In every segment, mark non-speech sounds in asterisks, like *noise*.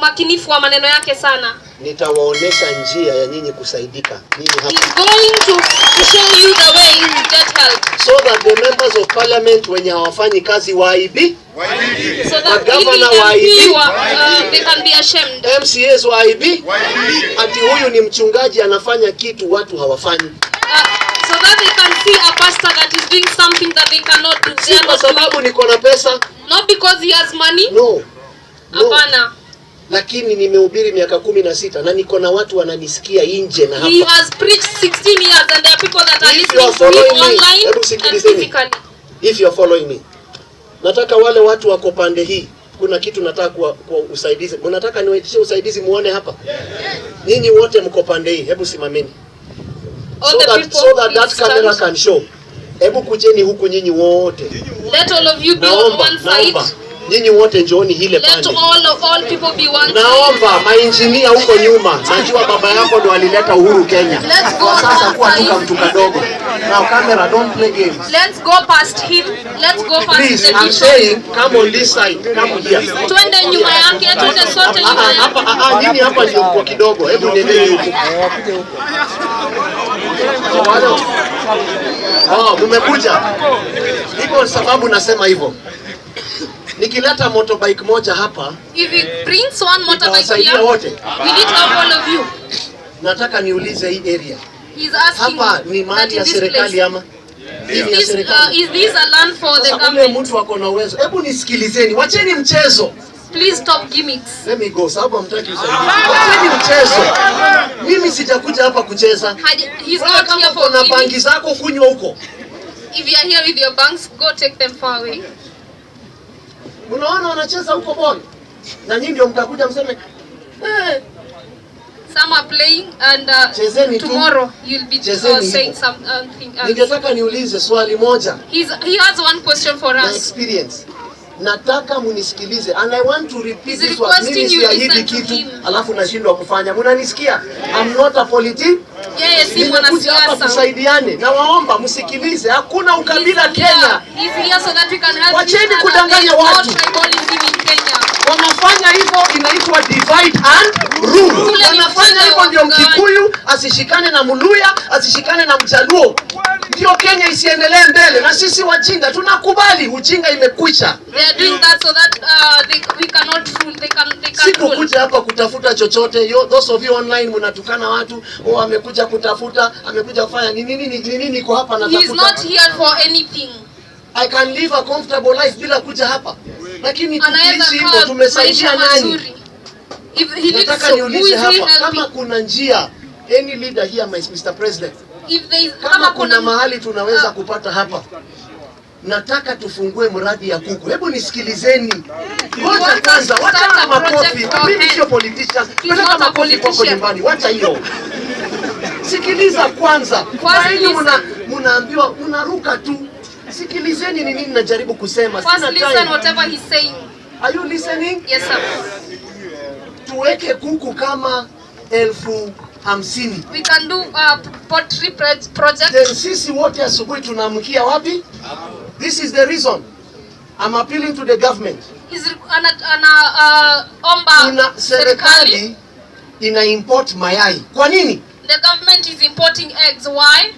umakinifu wa maneno yake sana. Nitawaonesha njia ya nyinyi kusaidika. Nyinyi hapa. He's going to show you the way to get help. So that the members of parliament wenye hawafanyi kazi waibi. Waibi. So that governor waibi. Uh, they can be ashamed. MCAs waibi. Waibi. Ati huyu ni mchungaji anafanya kitu watu hawafanyi. Uh, so that they can see a pastor that is doing something that they cannot do. Si kwa sababu niko na pesa. Not because he has money. No. Hapana. No lakini nimehubiri miaka kumi na sita na niko na watu wananisikia nje na hapa. Nataka wale watu wako pande hii, kuna kitu nataka kwa, kwa usaidizi. Mnataka niwaitishe usaidizi muone hapa? Nyinyi wote mko pande hii, hebu simameni. So that, so that that camera can show. Hebu kujeni huku nyinyi wote. Let all of you be on one side. Naomba nyinyi wote njooni hile pale. Naomba mainjinia huko nyuma, najua baba yako ndo alileta uhuru Kenya. Sasa kuwa tuka mtu kadogo. Now camera don't play games. Let's go past him. Let's go past Please, I'm saying come on this side. Come here. Twende nyuma yake, twende ah, ah, ah, sote nyuma yake. Hapa ah, nyinyi hapa ndio kwa kidogo. Hebu nende huko. Oh, oh, mumekuja. Niko sababu nasema hivyo nikileta motorbike moja hapa, if it brings one motorbike here, wote we need to have all of you. Nataka niulize hii area he's asking hapa ni mali ya serikali ama ule mtu ako na uwezo? Hebu nisikilizeni, wacheni mchezo. Please stop gimmicks. Let me go. Sababu hamtaki usaidizi. Ni mchezo. Mimi sijakuja hapa kucheza. He's not here for na bangi zako kunywa huko. If you are here with your banks, go take them far away. Unaona wanacheza huko ball. Na nyinyi ndio mtakuja mseme eh. playing and uh, tomorrow you'll be uh, saying something Ningetaka niulize swali moja. He's, he has one question for us. My experience nataka munisikilize and I want to repeat this word. Mimi siahidi kitu alafu nashindwa kufanya. munanisikia I'm not a politic. Yeye si mwanasiasa. Hapa tusaidiane. Nawaomba msikilize. Hakuna ukabila Kenya. Wacheni kudanganya watu. Wanafanya hivyo inaitwa divide and rule. Wanafanya hivyo ndio Mkikuyu asishikane na Mluya, asishikane na Mjaluo, ndio Kenya isiendelee mbele. Na sisi wajinga tunakubali ujinga, imekwisha. Uh, Siku kuja hapa kutafuta chochote. Yo, those of you online mnatukana watu, oh, amekuja kutafuta, amekuja kufanya nini nini? nini, nini? kwa hapa natafuta. He is not here for anything. I can live a comfortable life bila kuja hapa lakini tukiishi hivyo tumesaidia nani? Nataka niulize hapa kama kuna njia any leader here, Mr. President, kama kuna mahali tunaweza ah. kupata hapa nataka tufungue mradi ya kuku. Hebu nisikilizeni wote kwanza, wacha makofi. Mimi sio politician, nataka makofi kwako nyumbani, wacha hiyo. *laughs* Sikiliza kwanza, kwa saini mnaambiwa mnaruka tu Sikilizeni ni nini najaribu kusema. Sina time. listen whatever he's saying. Are you listening? Yes sir. Tuweke kuku kama elfu hamsini. We can do a uh, pottery project. Then sisi wote asubuhi tunaamkia wapi? This is the reason. I'm appealing to the government. Ana, ana, uh, omba Una serikali ina import mayai. Kwa nini? The government is importing eggs. Why?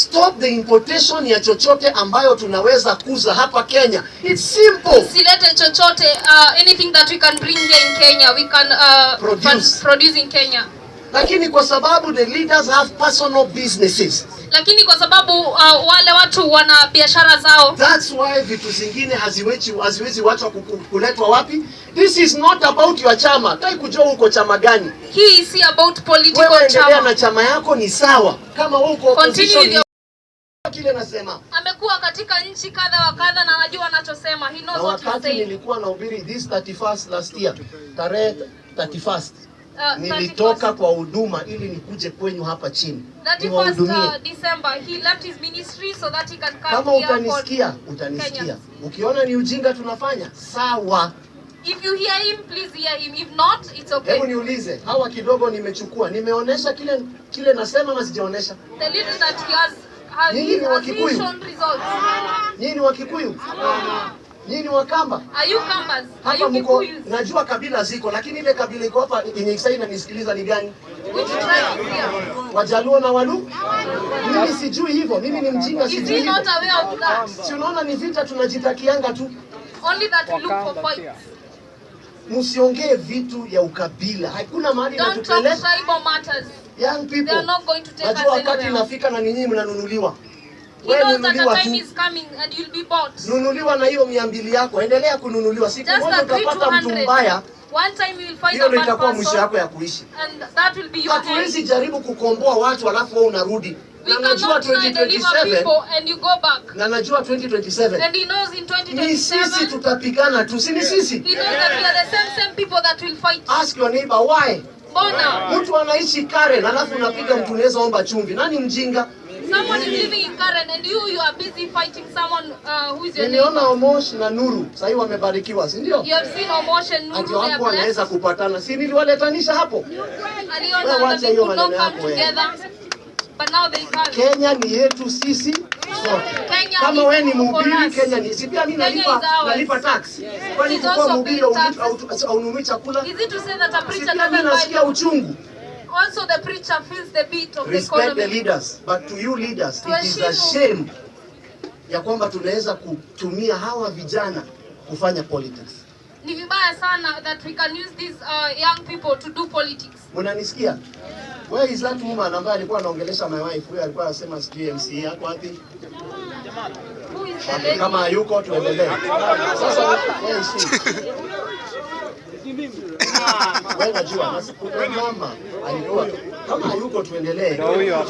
stop the importation ya chochote ambayo tunaweza kuza hapa Kenya. It's simple. Silete chochote uh, anything that we can bring here in Kenya, we can uh, produce. produce in Kenya. Lakini kwa sababu the leaders have personal businesses. Lakini kwa sababu uh, wale watu wana biashara zao. That's why vitu zingine haziwezi haziwezi watu kuletwa wapi? This is not about your chama. Nataka kujua uko chama gani. Hii si about political chama. Wewe endelea na chama yako ni sawa. Kama uko opposition kile nasema. Amekuwa katika nchi kadha wa kadha na anajua anachosema. He knows what he's saying. Nilikuwa na nahubiri this 31st last year. Tarehe 31st. Uh, nilitoka kwa huduma ili nikuje kwenyu hapa chini uh, kama utanisikia utanisikia ukiona ni ujinga tunafanya sawa If If you hear hear him, him. please not, it's okay. hebu niulize hawa kidogo nimechukua nimeonesha kile, kile nasema na sijaonesha The little that he has Nyinyi ni Wakikuyu? Nyinyi ni Wakikuyu? Nyinyi ni Wakamba? Hapa mko, najua kabila ziko, lakini ile kabila iko hapa yenye sasa inanisikiliza ni gani? Wajaluo na Walu? Mimi sijui hivyo, mimi ni mjinga, sijui hivyo. Si unaona ni vita tunajitakianga tu. Only that we look for fights. Msiongee vitu ya ukabila, hakuna mahali inatupeleka. Don't talk tribal matters young people, najua wakati inafika na ninyi mnanunuliwa. Wewe nunuliwa tu. Nunuliwa na hiyo mia mbili yako, endelea kununuliwa. Siku moja utapata mtu mbaya hiyo ndio itakuwa mwisho yako ya kuishi. Hatuwezi jaribu kukomboa watu alafu wewe unarudi na najua 2027 na najua 2027 ni sisi tutapigana tu, si ni sisi? Ask your neighbor why Mbona? Mtu anaishi Karen alafu unapiga mtu unaweza omba chumvi. Nani mjinga? Someone is living in Karen and you you are busy fighting someone uh, who is your neighbor. Niliona Omosh na Nuru. Sasa hivi wamebarikiwa, si ndio? You have seen Omosh and Nuru. Ati hapo wanaweza kupatana. Si niliwaletanisha hapo? Aliona that they together. But now they can. Kenya ni yetu sisi sote. Kama wewe ni mhubiri Kenya, ni si pia yaani mimi nalipa nalipa tax. Kwa Kwani kwa mhubiri au ununui chakula? Is it to say that a preacher doesn't nasikia uchungu? Also the preacher feels the beat of the economy. Respect the leaders, but to you leaders, it is a shame ya kwamba tunaweza kutumia hawa vijana kufanya politics. Ni vibaya sana that we can use these uh, young people to do politics. Unanisikia? Yeah. Wewe is that woman ambaye alikuwa anaongelesha my wife, huyo alikuwa anasema sijui MC yako wapi? Jamaa. Kama hayuko tuendelee. Sasa wewe is wewe unajua kuna mama alikuwa kama hayuko tuendelee.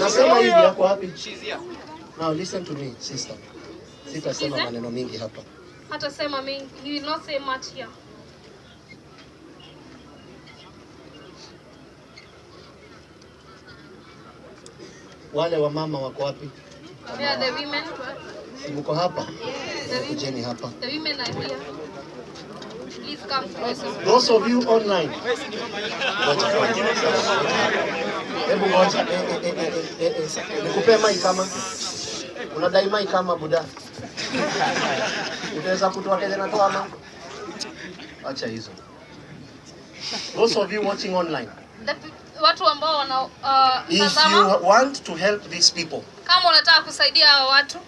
Nasema hivi yako wapi? Now listen to me sister. Sitasema maneno mingi hapa. Hata sema mingi. He will not say much here. wale wa mama wako wapi? Si mko hapa? Kujeni hapa. Those of you online. Hebu ngoja. Eh, eh, eh, Nikupe mai kama. Unadai mai kama buda. Utaweza kutoa tena na toa ama? Acha hizo. Those of you watching online watu ambao wanatazama. Uh, If you want to help these people. Kama unataka kusaidia hao watu.